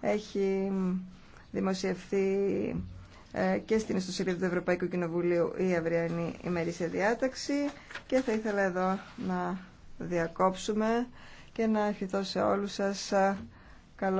έχει δημοσιευθεί ε, και στην ιστοσελίδα του Ευρωπαϊκού Κοινοβουλίου η αυριανή ημερήσια διάταξη και θα ήθελα εδώ να διακόψουμε και να ευχηθώ σε όλους σας ε, καλό